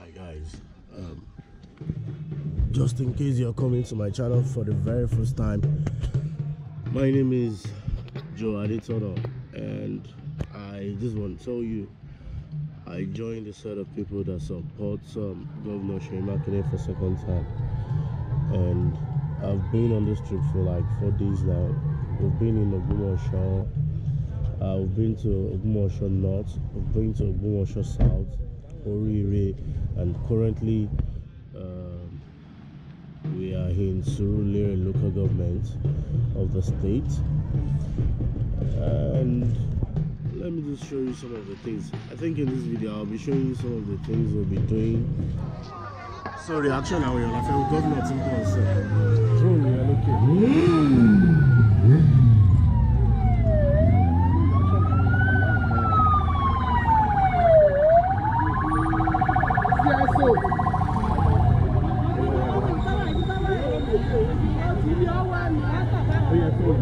hi guys um, just in case you're coming to my channel for the very first time my name is joe aditono and i just want to tell you i joined the set of people that support um, governor Shemakine for second time and i've been on this trip for like four days now we've been in Ogumosho, uh, we've been to Ogumosho North, we've been to Ogumosho South, Orire and currently um, we are in Surulere local government of the state and let me just show you some of the things I think in this video I'll be showing you some of the things we'll be doing so reaction àwọn èèyàn la fẹ́ gómìnà tí ń bọ̀ Ó yẹ kí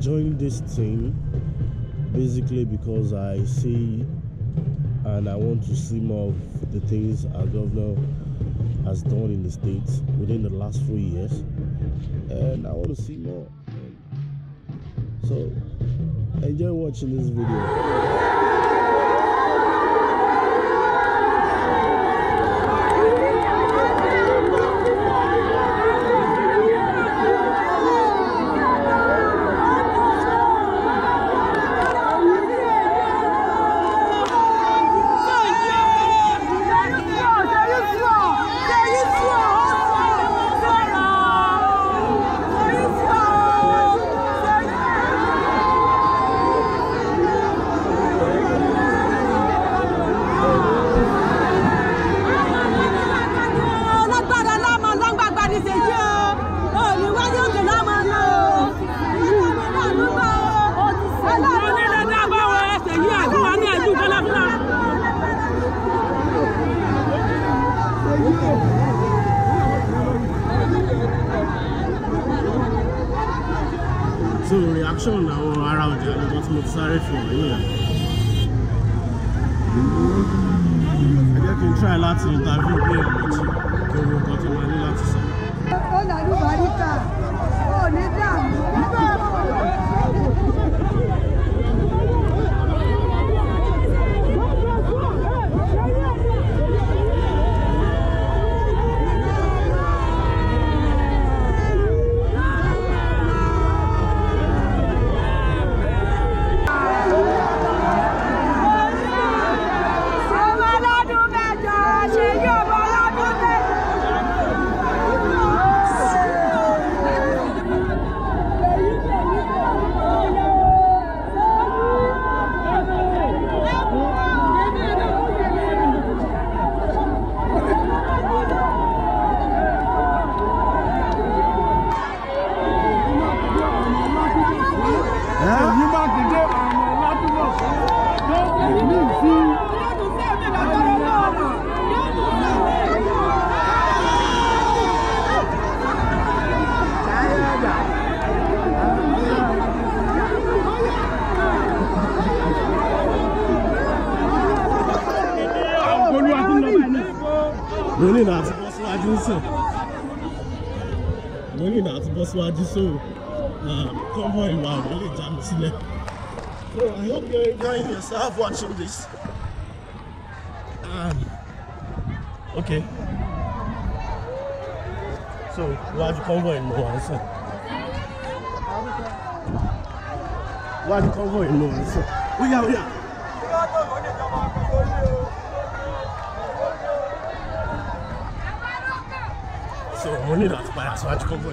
joined this thing basically because I see and I want to see more of the things our governor has done in the states within the last four years, and I want to see more. So enjoy watching this video. attraction àwọn ara ọjà nìkan tí mo ti sáré fi hàn yìí ẹ jẹ́ kí n try láti interview bí ẹ̀ méjì kí n wo tó máa ní láti sọ. ó làlúbáríkà ó ní dààmú mo ní láti bọ́ síwájú sùn mo ní láti bọ́ síwájú sùn convoy wa ò lè já mi sílẹ̀. So I hope you're enjoying yourself watching this. Um, okay. So, large convoy in Mwansa. Large convoy in Mwansa. Oya, oya. so òun nílò àti padà síwájú kọ́ńbọ̀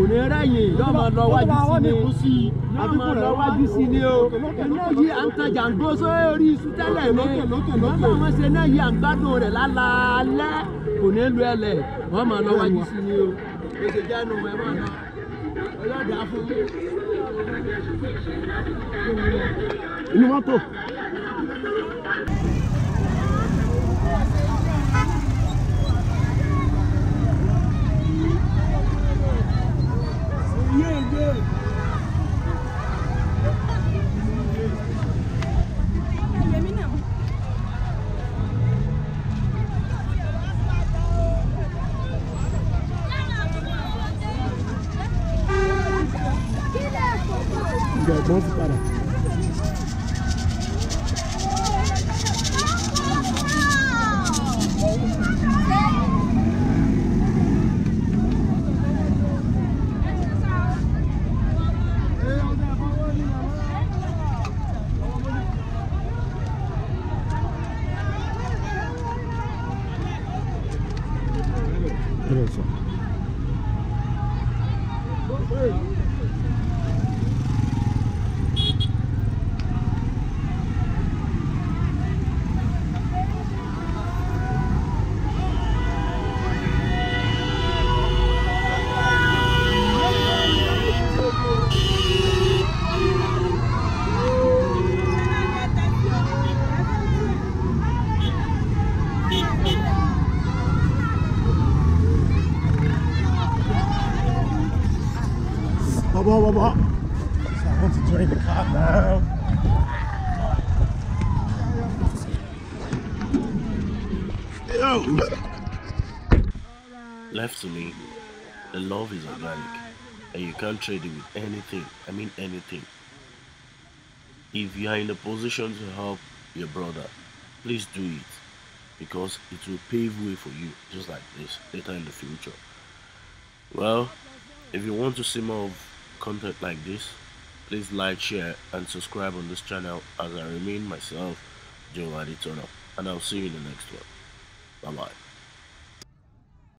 kò ní rẹ́yìn yóò máa sí ni yóò máa sí ni o iná yìí à ń tajà ń gbóso orí iṣu tẹ́lẹ̀ mi lọ́nà àwọn ṣe náà yìí à ń gbádùn rẹ̀ lálaalẹ́ kò ní lu ẹlẹ̀ wọ́n máa sí ni o ó jẹ́nu ẹ máa lọ ọlọ́dà fún mi. inú mọ́tò. whoa, whoa, whoa. I want to join the car now. Left to me, the love is organic and you can't trade it with anything. I mean anything. If you are in a position to help your brother, please do it because it will pave way for you just like this later in the future. Well, if you want to see more of content like this please like share and subscribe on this channel as i remain myself joe Aditono, and i'll see you in the next one bye bye